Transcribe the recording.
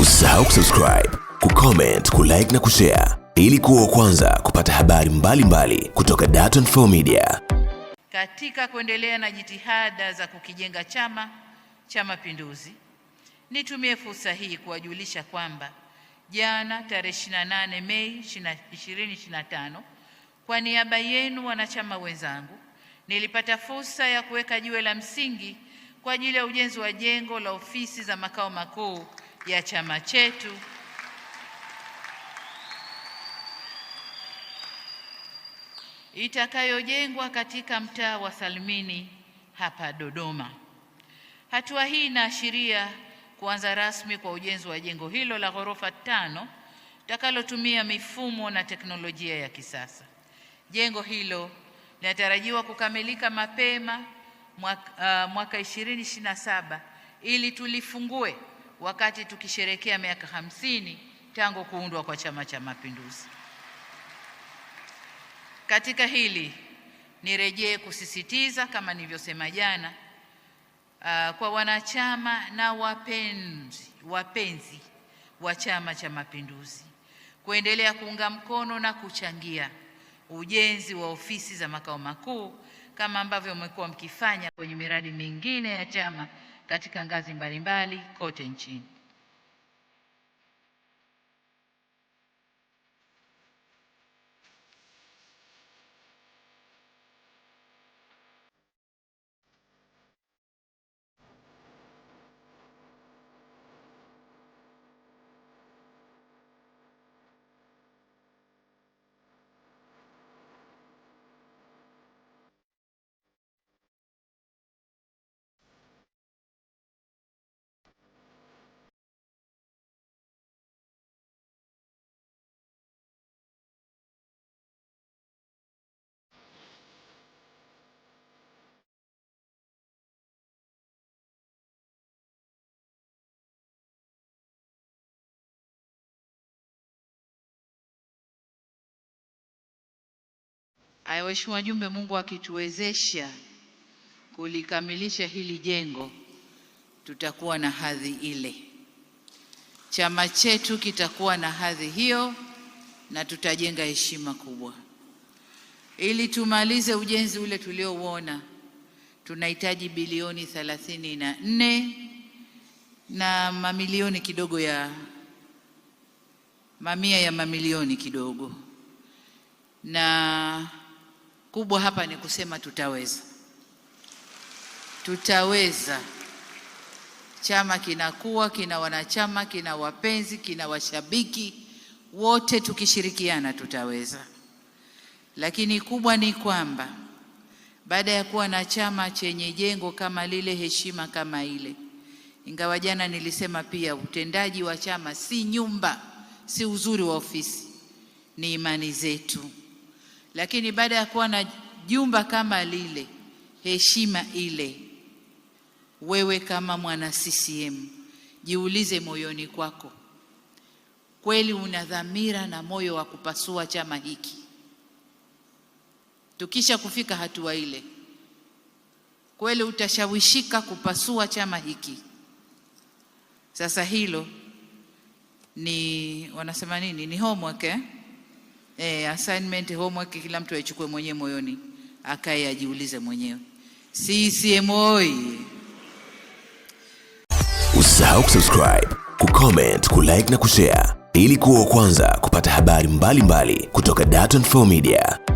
Usisahau kusubscribe, kucomment, kulike na kushare ili kuwa kwanza kupata habari mbalimbali mbali kutoka Dar24 Media. Katika kuendelea na jitihada za kukijenga Chama cha Mapinduzi, nitumie fursa hii kuwajulisha kwamba jana tarehe 28 Mei 2025 kwa niaba yenu wanachama wenzangu, nilipata fursa ya kuweka jiwe la msingi kwa ajili ya ujenzi wa jengo la ofisi za makao makuu ya chama chetu itakayojengwa katika mtaa wa Salimini hapa Dodoma. Hatua hii inaashiria kuanza rasmi kwa ujenzi wa jengo hilo la ghorofa tano takalotumia mifumo na teknolojia ya kisasa. Jengo hilo linatarajiwa kukamilika mapema uh, mwaka 2027 uh, ili tulifungue wakati tukisherekea miaka hamsini tangu kuundwa kwa Chama cha Mapinduzi. Katika hili nirejee kusisitiza kama nilivyosema jana, uh, kwa wanachama na wapenzi wapenzi wa Chama cha Mapinduzi kuendelea kuunga mkono na kuchangia ujenzi wa ofisi za makao makuu kama ambavyo mmekuwa mkifanya kwenye miradi mingine ya chama katika ngazi mbalimbali kote nchini. Haya, waheshimiwa wajumbe, Mungu akituwezesha kulikamilisha hili jengo tutakuwa na hadhi ile, chama chetu kitakuwa na hadhi hiyo, na tutajenga heshima kubwa ili tumalize ujenzi ule tuliouona. Tunahitaji bilioni thelathini na nne na mamilioni kidogo ya mamia ya mamilioni kidogo na kubwa hapa ni kusema tutaweza, tutaweza. Chama kinakuwa, kina wanachama, kina wapenzi, kina washabiki, wote tukishirikiana tutaweza. Lakini kubwa ni kwamba baada ya kuwa na chama chenye jengo kama lile, heshima kama ile, ingawa jana nilisema pia utendaji wa chama si nyumba, si uzuri wa ofisi, ni imani zetu. Lakini baada ya kuwa na jumba kama lile, heshima ile, wewe kama mwana CCM jiulize moyoni kwako, kweli una dhamira na moyo wa kupasua chama hiki? Tukisha kufika hatua ile, kweli utashawishika kupasua chama hiki? Sasa hilo ni wanasema nini, ni homework eh? eh, assignment homework kila mtu aichukue mwenyewe moyoni, akae ajiulize mwenyewe. CCM oyee! Usisahau kusubscribe, kucomment, kulike na kushare ili kuwa wa kwanza kupata habari mbalimbali mbali kutoka Dar24 Media.